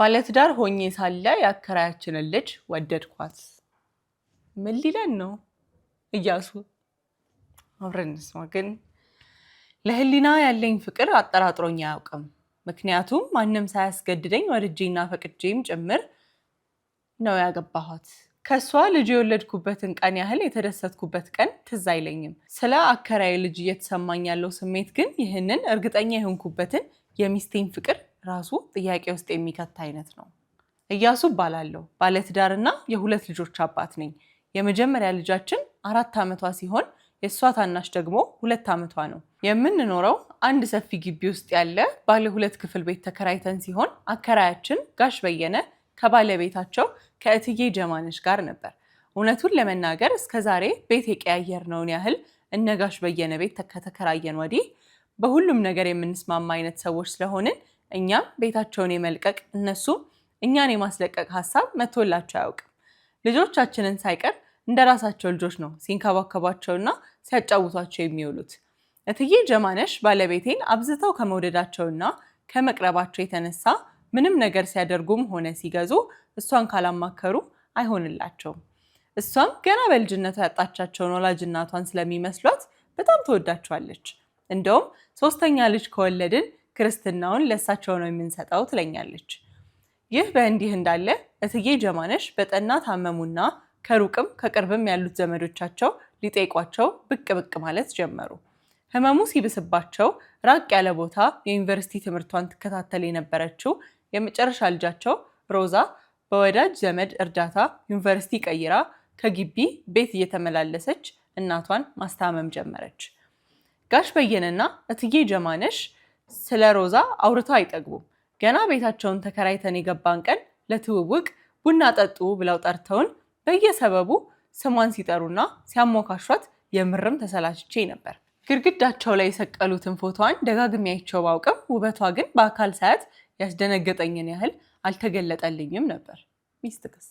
ባለትዳር ሆኜ ሳለ የአከራያችንን ልጅ ወደድኳት። ምን ሊለን ነው እያሱ? አብረን እንስማ። ግን ለህሊና ያለኝ ፍቅር አጠራጥሮኝ አያውቅም። ምክንያቱም ማንም ሳያስገድደኝ ወድጄና ፈቅጄም ጭምር ነው ያገባኋት። ከእሷ ልጅ የወለድኩበትን ቀን ያህል የተደሰትኩበት ቀን ትዝ አይለኝም። ስለ አከራዬ ልጅ እየተሰማኝ ያለው ስሜት ግን ይህንን እርግጠኛ የሆንኩበትን የሚስቴን ፍቅር ራሱ ጥያቄ ውስጥ የሚከት አይነት ነው። እያሱ እባላለሁ። ባለትዳርና የሁለት ልጆች አባት ነኝ። የመጀመሪያ ልጃችን አራት ዓመቷ ሲሆን የእሷ ታናሽ ደግሞ ሁለት ዓመቷ ነው። የምንኖረው አንድ ሰፊ ግቢ ውስጥ ያለ ባለ ሁለት ክፍል ቤት ተከራይተን ሲሆን አከራያችን ጋሽ በየነ ከባለቤታቸው ከእትዬ ጀማነች ጋር ነበር። እውነቱን ለመናገር እስከ ዛሬ ቤት የቀያየርነውን ያህል እነ ጋሽ በየነ ቤት ከተከራየን ወዲህ በሁሉም ነገር የምንስማማ አይነት ሰዎች ስለሆንን እኛም ቤታቸውን የመልቀቅ እነሱም እኛን የማስለቀቅ ሀሳብ መቶላቸው አያውቅም። ልጆቻችንን ሳይቀር እንደ ራሳቸው ልጆች ነው ሲንከባከቧቸውና ሲያጫውቷቸው የሚውሉት። እትዬ ጀማነሽ ባለቤቴን አብዝተው ከመውደዳቸውና ከመቅረባቸው የተነሳ ምንም ነገር ሲያደርጉም ሆነ ሲገዙ እሷን ካላማከሩ አይሆንላቸውም። እሷም ገና በልጅነቷ ያጣቻቸውን ወላጅ እናቷን ስለሚመስሏት በጣም ትወዳቸዋለች። እንደውም ሶስተኛ ልጅ ከወለድን ክርስትናውን ለእሳቸው ነው የምንሰጠው ትለኛለች። ይህ በእንዲህ እንዳለ እትዬ ጀማነሽ በጠና ታመሙና ከሩቅም ከቅርብም ያሉት ዘመዶቻቸው ሊጠይቋቸው ብቅ ብቅ ማለት ጀመሩ። ህመሙ ሲብስባቸው ራቅ ያለ ቦታ የዩኒቨርሲቲ ትምህርቷን ትከታተል የነበረችው የመጨረሻ ልጃቸው ሮዛ በወዳጅ ዘመድ እርዳታ ዩኒቨርሲቲ ቀይራ ከግቢ ቤት እየተመላለሰች እናቷን ማስታመም ጀመረች። ጋሽ በየነና እትዬ ጀማነሽ ስለ ሮዛ አውርተው አይጠግቡም። ገና ቤታቸውን ተከራይተን የገባን ቀን ለትውውቅ ቡና ጠጡ ብለው ጠርተውን በየሰበቡ ስሟን ሲጠሩና ሲያሞካሿት የምርም ተሰላችቼ ነበር። ግድግዳቸው ላይ የሰቀሉትን ፎቶዋን ደጋግሜ አይቼው ባውቅም ውበቷ ግን በአካል ሳያት ያስደነገጠኝን ያህል አልተገለጠልኝም ነበር። ሚስትክስ